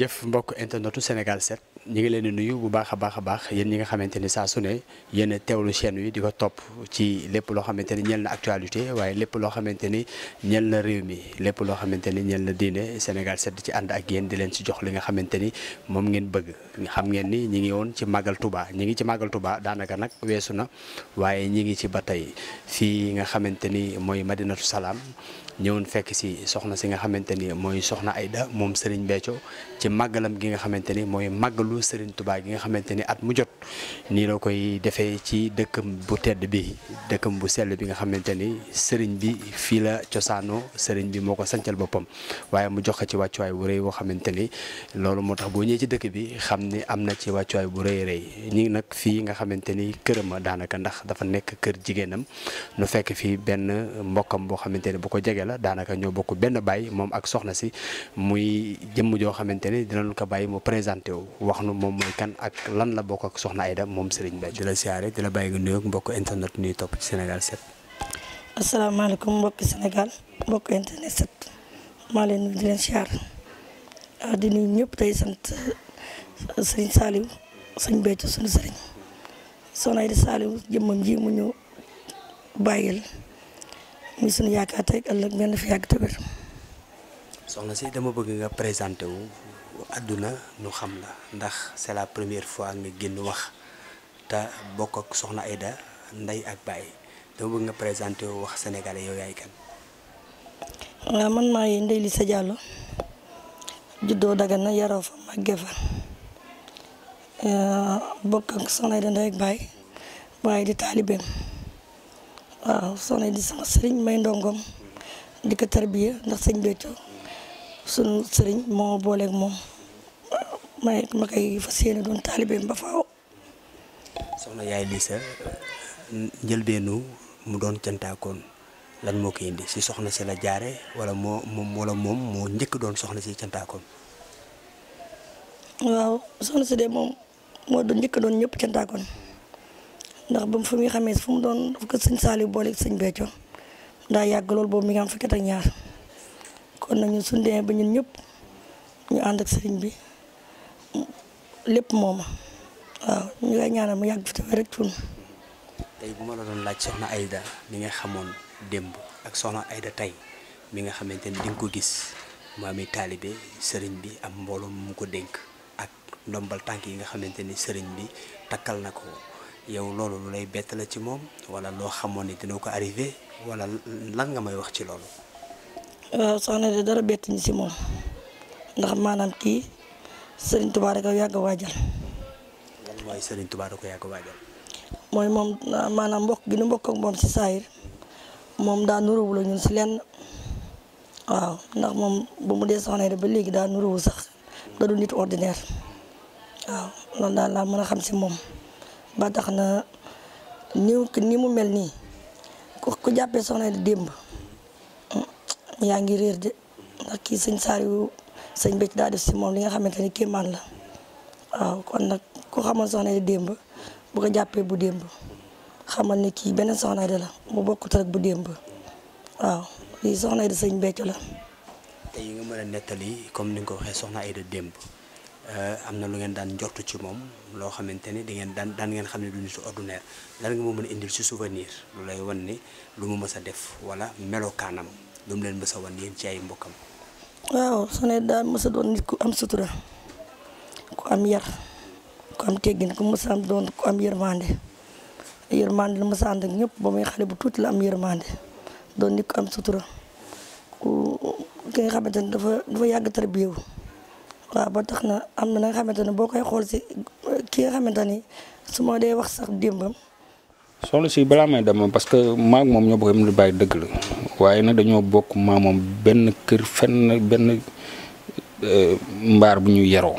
jërëjëf mbokk internetu Sénégal set ñu ngi leen nuyu bu baax a baax a baax yéen ñi nga xamante ni saa su ne yéen teewlu chaîne wi di ko topp ci lépp loo xamante ni ñeel actualité waaye lépp loo xamante ni ñeel réew mi lépp loo xamante ni ñeel na diine Sénégal 7 di ci ànd ak yéen di leen ci jox li nga xamante ni moom ngeen bëgg xam ngeen ni ñi ngi woon ci Magal Touba ñi ngi ci Magal Touba daanaka nag weesu na waaye ñi ngi ci ba tey fii nga xamante ni mooy Madinatu Salaam ñëwoon fekk si soxna si nga xamante ni mooy soxna Aida moom sëriñ Béthio ci màggalam gi nga xamante ni mooy màggalu Serigne tubaay gi nga xamante ni at mu jot nii la koy defee ci dëkkam bu tedd bi dëkkam bu sell bi nga xamante ni Serigne bi fii la cosaanoo sëriñ bi moo ko sancal boppam waaye mu jox ko ci wàccuwaay bu rëy boo xamante ni loolu moo tax boo ñëwee ci dëkk bi xam ni am na ci wàccuwaay bu rëy rëy ñi nag fii nga xamante ni kërama daanaka ndax dafa nekk kër jigéenam nu fekk fii benn mbokkam boo xamante ni bu ko jege la daanaka ñoo bokk benn bàyyi moom ak soxna si muy jëmm joo xamante ne dinañ ko bàyyi mu présenté wu wax nu moom mooy kan ak lan la bokk ak soxna Aida moom Serigne Mbaye di la siyaare di la bàyyi nga nuyoog mbokk internet ñuy topp ci Sénégal 7. asalaamaaleykum mbokk Sénégal mbokk internet 7 maa leen nuyu di ah, di nuyu ñëpp tey sant ah, Serigne Saliou sëñ Béthio sunu Serigne soxna Aida Saliou jëmmam ji mu ñu bàyyil. muy sunu yaakaar tey fi yàgg soxna si dama bëgg nga présenté wu àdduna ñu xam la ndax c'est la première fois nga génn wax te bokk ak soxna Aida ndey ak baay dama bëgg nga présenté wu wax sénégalais yow yaay kan. waaw man maay Ndeye Lissa Diallo juddoo Dagana yaroo fa màggee fa euh, bokk ak soxna Aida ndey ak baay waaye di taalibeem. waaw soxna di sama sëriñ may ndongom ko tarbiya ndax sëñ Béthio sunu sëriñ moo booleeg moom ma ma koy doon taalibeem ba faaw. soxna yaay Lissa mu doon cantaakoon lan moo ko si soxna si la jaare wala moo moom moom njëkk doon soxna si cantaakoon. waaw soxna si de moom moo doon jëkk doon ñëpp cantaakoon. ndax ba mu fi muy xamee fu mu doon fu ko sëñ Saliou booleeg sëñ Béthio daa yàgg loolu boobu mi ngi am fukki ak ñaar kon nag suñ suñu demee ba ñun ñëpp ñu ànd ak sëriñ bi lépp mooma waaw ñu ngi ñaanal mu yàgg bu ma la doon laaj soxna Aida mi nga xamoon démb ak soxna Aida tey mi nga xamante ni di ko gis mu amee taalibe sëriñ bi am mbooloo mu ko dénk ak ndombal tànk yi nga xamante ni sëriñ bi takkal na ko. yow loolu lu lay bett la ci moom wala loo xamoon ni dina ko arrivé wala lan nga may wax ci loolu. waaw soxna de dara bett ñu si moom ndax maanaam kii Serigne Touba da yàgg a waajal. lan mooy Serigne ko yàgg a mooy moom maanaam mbokk gi nu mbokk ak moom si saayir moom daa nuruwul ñun si lenn waaw ndax moom bu mu dee soxna de ba léegi daa nuruwul sax da nit ordinaire waaw loolu daal laa mën a xam si moom. ba tax na ni ni mu mel nii ku ku jàppee soxna démb mm, yaa ngi réer de ndax kii sëñ Saliou sëñ Béthio daa def si moom li nga xamante ni kéemaan la waaw kon nag ku xamal soxna démb bu ko jàppee bu démb xamal ni kii beneen soxna de la bu bokkut rek bu démb waaw lii soxna de sëñ Béthio la. tey nga mën a nettali comme ni nga ko waxee soxna Aida démb. Euh, am na lu ngeen daan njortu ci moom loo xamante ni di daan daan ngeen xam ne du nit ordinaire lan nga ma mën a indil ci souvenir lu lay wan ni lu mu mës a def wala melokaanam lu mu leen mës a wan yéen ci ay mbokkam. waaw Soxna daal mës a doon nit ku am sutura ku am yar ku am teggin ku mës a am doon ku am yërmande yërmande la mës a ànd ñëpp ba muy xale bu tuuti la am yërmande doon nit ku am sutura nga xamante ni dafa dafa yàgg tarbiyewu waaw ba tax na am na nga xamante ne boo koy xool si ki nga xamante ni su ma dee wax sax démbam. soxna si balaa may dem parce que maag moom ñoo bokk lu bàyyi dëgg la waaye nag dañoo bokk maa moom benn kër fenn benn euh, mbaar bu ñu yaroo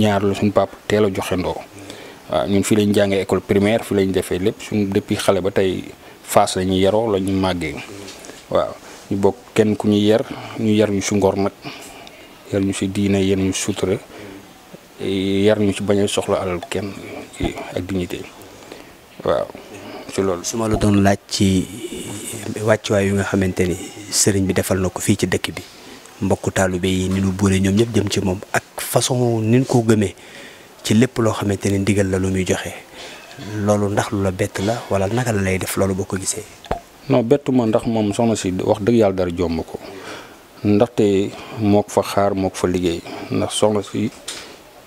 ñaar la suñ papa teel a joxe ndoo waaw ñun fii lañ jàngee école primaire fi lañ defee lépp suñ depuis xale ba tey Fass la ñu yaroo la ñu màggee waaw ñu bokk kenn ku ñu yar ñu yar ñu si ngor nag. yar ñu si diine yar ñu sutura yar ñu si bañ a soxla alal kenn ci ak dignité waaw ci loolu. suma la doon laaj ci wàccuwaay yu nga xamante ni sëriñ bi defal na ko fii ci dëkk bi mbokk taalibe yi ni ñu boole ñoom ñëpp jëm ci moom ak façon ni koo ko gëmee ci lépp loo xamante ni ndigal la lu muy joxe loolu ndax lu la bett la wala naka la lay def loolu boo ko gisee. non bettu ma ndax moom soxna si wax dëgg yàlla dara jomb ko ndaxte moo ko fa xaar moo ko fa liggéey ndax soxna si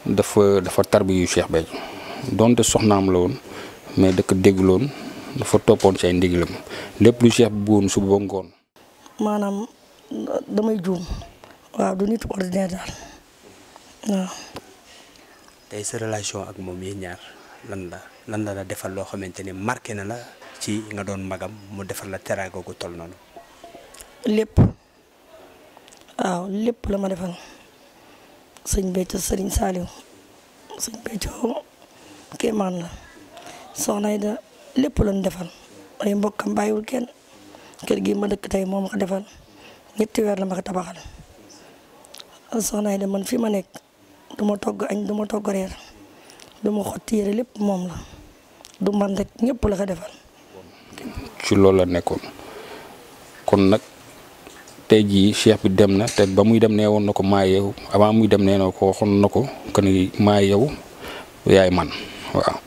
dafa dafa tarbiyu Cheikh Béthio donte soxnaam la woon mais dëkk dégguloon dafa toppoon ci ay lépp lu Cheikh bi bëggoon suba ba ngoon. maanaam damay juum waaw du nit ordinaire daal tey sa relation ak moom yéen ñaar lan la lan la la defal loo xamante ni marqué na la ci nga doon mbagam mu defal la teraanga gu toll noonu. lépp. waaw lépp la ma defal sëñ Béthio Sëriñ Saaliw sëñ Béthio kéemaan la soxna yi da lépp lañ defal ay mbokkam bàyyiwul kenn kër gi ma dëkk tey moo ma defal ñetti weer la ma ko tabaxal soxna da man fi ma nekk du togg añ du ma togg reer du xotti yére lépp moom la du man ñépp ñëpp la ko defal ci loolu la nekkoon kon nag tey jii cheikh bi dem na te ba muy dem nee woon na ko maa yow avant muy dem nee na ko waxoon na ko que ni maa yow yaay man waaw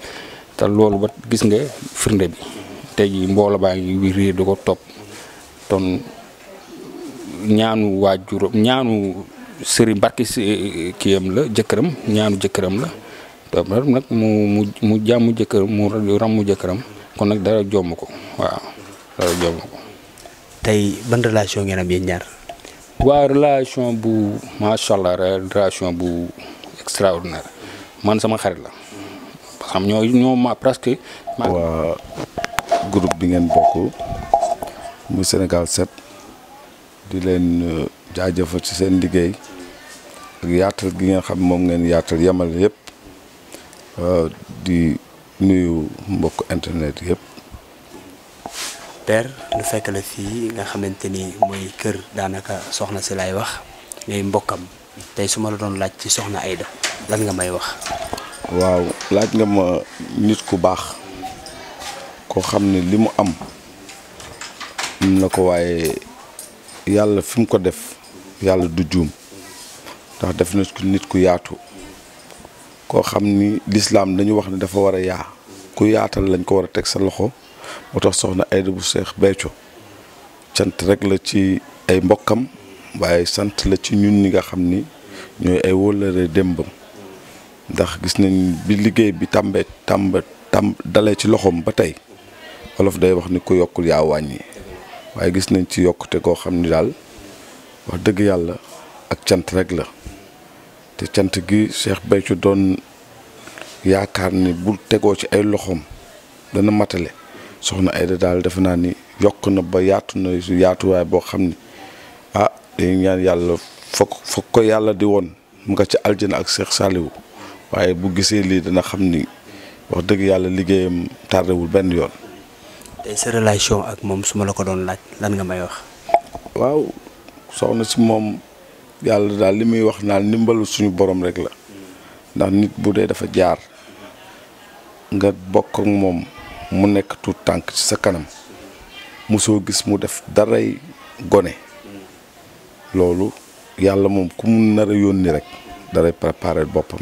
te loolu ba gis nga firnde bi tey jii mbooloo baa ngi bi réer di ko topp ton ñaanu waajuram ñaanu sëri barki kiyam la jëkkëram ñaanu jëkkëram la te nag mu mu mu jàmm jëkkëram mu ràmm jëkkëram kon nag dara jomm ko waaw dara jomm ko tey ban relation ngeen am yéen ñaar. waaw relation bu macha allah relation bu extraordinaire man sama xarit la xam ñoo ñoo ma presque. waa groupe bi ngeen bokk mu Sénégal 7 di leen euh, jaajëfal ci seen liggéey ak yaatal gi nga xam moom ngeen yaatal yamal yëpp di nuyu mbokk internet yëpp. père lu fekk la fii nga xamante ni mooy kër daanaka soxna si lay wax ngay mbokkam tey su ma la doon laaj ci soxna Aida lan nga may wax. waaw laaj nga ma nit ku baax koo xam ne li mu am mun na ko waaye yàlla fi mu ko def yàlla du juum ndax def na nit ku yaatu koo xam ni lislaam dañu wax ne dafa war a yaa ku yaatal lañ ko war a teg sa loxo. moo tax soxna Aida bu Cheikh Béthio cant rek la ci ay mbokkam waaye sant la ci ñun ñi nga xam ni ñooy ay wóllëre démbam ndax gis nañ bi liggéey bi tàmbee tàmb tàmb dalee ci loxoom ba tey wolof day wax ni ku yokkul yaa wàññi waaye gis nañ ci yokkute goo xam ni daal wax dëgg yàlla ak cant rek la te cant gi Cheikh Béthio doon yaakaar ni bu tegoo ci ay loxoom dana matale soxna Aida daal defe naa ni yokk na ba yaatu na yaatuwaay boo xam ni ah dañuy yàlla foog foog ko yàlla di woon mu nga ci aljana ak Cheikh Saliou waaye bu gisee lii dana xam ni wax dëgg yàlla liggéeyam tardewul benn yoon. tey sa ak moom su ma la ko doon laaj lan nga may wax. waaw soxna si moom yàlla daal li muy wax naan ndimbalu suñu borom rek la ndax nit bu dee dafa jaar nga bokk moom. mu nekk tout tànk ci sa kanam mosoo gis mu def daray gone loolu yàlla moom ku mu nar a yónni rek daray préparer boppam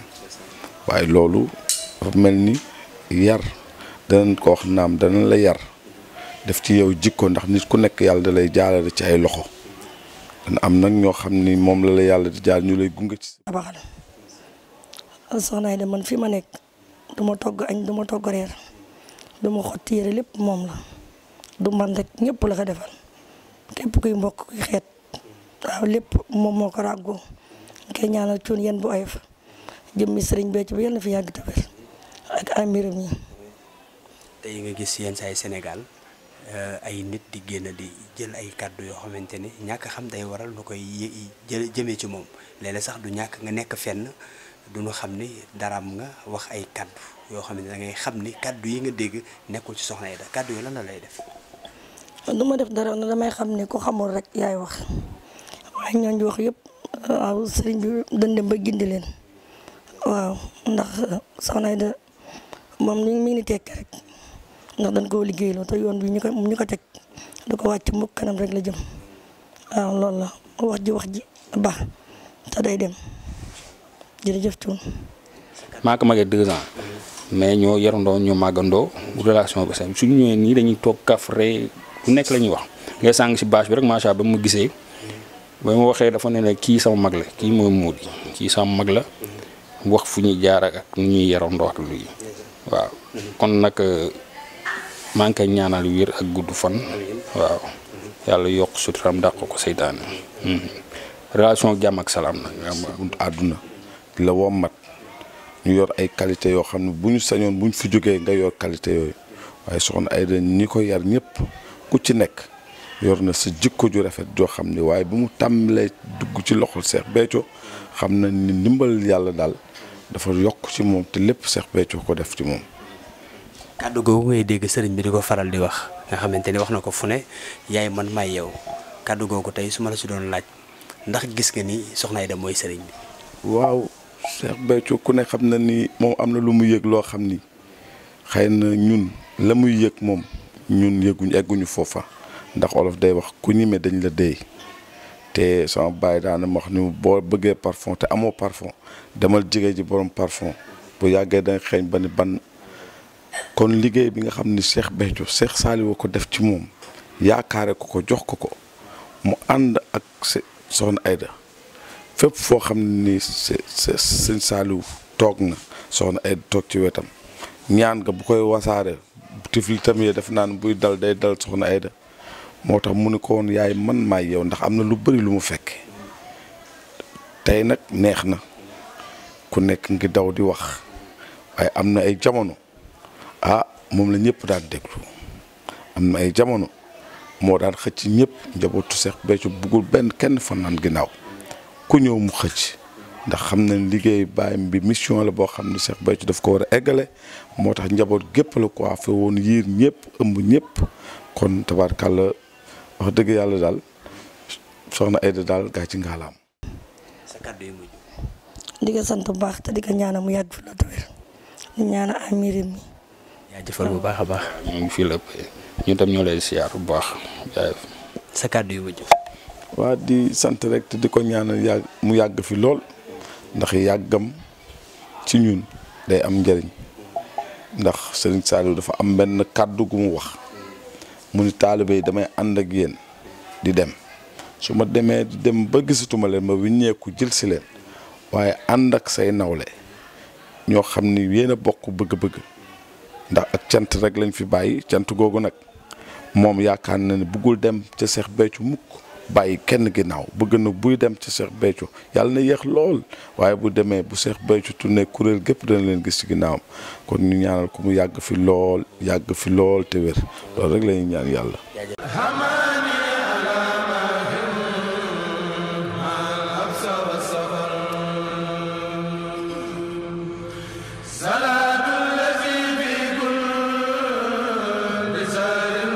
waaye loolu mel ni yar danañ ko wax naam danañ la yar def ci yow jikko ndax nit ku nekk yàlla da lay jaalale ci ay loxo dana am nag ñoo xam ni moom la la yàlla di jaal ñu lay gunge ci abaxale soxnaay man fi ma nekk du ma togg añ du ma lu ma xotti yére lépp moom la du man rek ñépp la ko defal képp kuy mbokk kuy xeet waaw lépp moom moo ko ràggoo ñu koy ñaanal cuun yéen bu oyof jëmm sëriñ Béthio bi yal fi yàgg te ak amiram yi. tey nga gis yenn saa yi Sénégal eh, ay nit di génn di jël ay kàddu yoo xamante ni ñàkk xam day waral lu koy jëmee ci moom léeg sax du ñàkk nga nekk fenn. duñu xam ni dara daraam nga wax ay kaddu yoo xam ne da ngay xam ni kàddu yi nga dégg nekkul ci soxna yi kaddu kàddu yi la lay def. Ah, du ma def dara na damay xam ne ku xamul rek yaay wax waaye ñooñu wax yépp waaw sëriñ bi dañ dem ba gindi leen waaw ndax eh, soxna Aida moom ñu ngi ni tekk rek ndax dañ koo liggéeyloo te yoon bi ñu ko ñu ko teg du ko wàcc mukk kanam rek la jëm waaw loolu la wax ji wax ji ba te day dem. jërëjëf Thioune. maa ko magee deux ans. mais ñoo yarandoo ñoo màggandoo relation bi sax suñu ñëwee nii dañuy toog kafre ku nekk la ñuy wax ngay sàng si baas bi rek macha allah ba mu gisee ba mu waxee dafa ne la kii sama mag la kii mooy Moody kii sama mag la wax fu ñuy jaar ak nu ñuy yarandoo ak luy waaw kon nag euh, maa ngi koy ñaanal wér ak gudd fan waaw yàlla yokk suturam dàq ko seytaane hmm. relation jàmm ak salaam nag àdduna di la wommat ñu yor ay qualité yoo xam ne bu ñu sañoon bu ñu fi jógee nga yor qualité yooyu waaye soxna Aida ñi ko yar ñëpp ku ci nekk yor na si jikko ju rafet joo xam ne waaye bu mu tàmbalee dugg ci loxol Seex Béthio xam na ndimbal yàlla daal dafa yokk ci moom te lépp Seex Béthio ko def ci moom. kàddu googu ngay dégg sëriñ bi di ko faral di wax nga xamante ni wax na ko fu ne yaay man may yow kàddu googu tey su ma la si doon laaj ndax gis nga ni soxna Aida mooy sëriñ bi. waaw Cheikh Béthio ku ne xam na ni moom am na lu mu yëg loo xam ni xëy na ñun la muy yëg moom ñun yëguñ egguñu foofa ndax olof day wax ku ñime dañ la dee te sama baay daana ma wax ni boo bëggee parfum te amoo parfum demal jigéen ji borom parfum bu yàggee da nga xeeñ ba ni ban kon liggéey bi nga xam ni Cheikh Béthio Cheikh Saliou ko def ci moom yaakaare ko ko jox ko ko mu ànd ak soxna ayda fépp foo xam ne nii sëñ Saliou toog na soxna ay toog ci wetam ñaan nga bu koy wasaare tifli tam yee def naan buy dal day dal soxna Ayda moo tax mu ne ko woon yaay man maay yow ndax am na lu bari lu mu fekke tey nag neex na ku nekk ngi daw di wax waaye am na ay jamono ah moom la ñëpp daan déglu am na ay jamono moo daan xëcc ñëpp njabootu Seex Béthio buggul benn kenn fan naan ginnaaw ku ñëw mu xëcc ndax xam na ne liggéey baayam bi mission la boo xam ne Cheikh Béthio daf ko war a eggale moo tax njaboot gépp la quoi fa woon yiir ñëpp ëmb ñëpp kon tabaarkàlla wax dëgg yàlla daal soxna Aida daal gaa ci ngaalaam. sa sant bu baax te di ko ñaanal mu yàgg fi la tawér di ñaanal amiri mi. bu baax a baax. ñu ngi fii la ñu tam ñoo lay siyaar bu baax. sa kàddu yu mujj. waa di sant rek te di ko ñaanal yàgg mu yàgg fi lool ndax yàggam ci ñun day am njariñ ndax Serigne Saliou dafa am benn kàddu gu mu wax mu ni taalibe yi damay ànd ak yéen di dem su ma demee di dem ba gisatuma leen ma wiññeeku jël si leen waaye ànd ak say nawle ñoo xam ni yéen a bokk bëgg-bëgg ndax ak cant rek lañ fi bàyyi cant googu nag moom yaakaar na ne bëggul dem ca Seex Béthio mukk bàyyi kenn ginnaaw bëgg na buy dem ci seex Béthio yàlla na yéex lool waaye bu demee bu Cheikh Béthio tourné kuréel gépp dana leen gis ci ginnaawam kon ñu ñaanal ko mu yàgg fi lool yàgg fi lool te wér loolu rek la ñuy ñaan yàlla.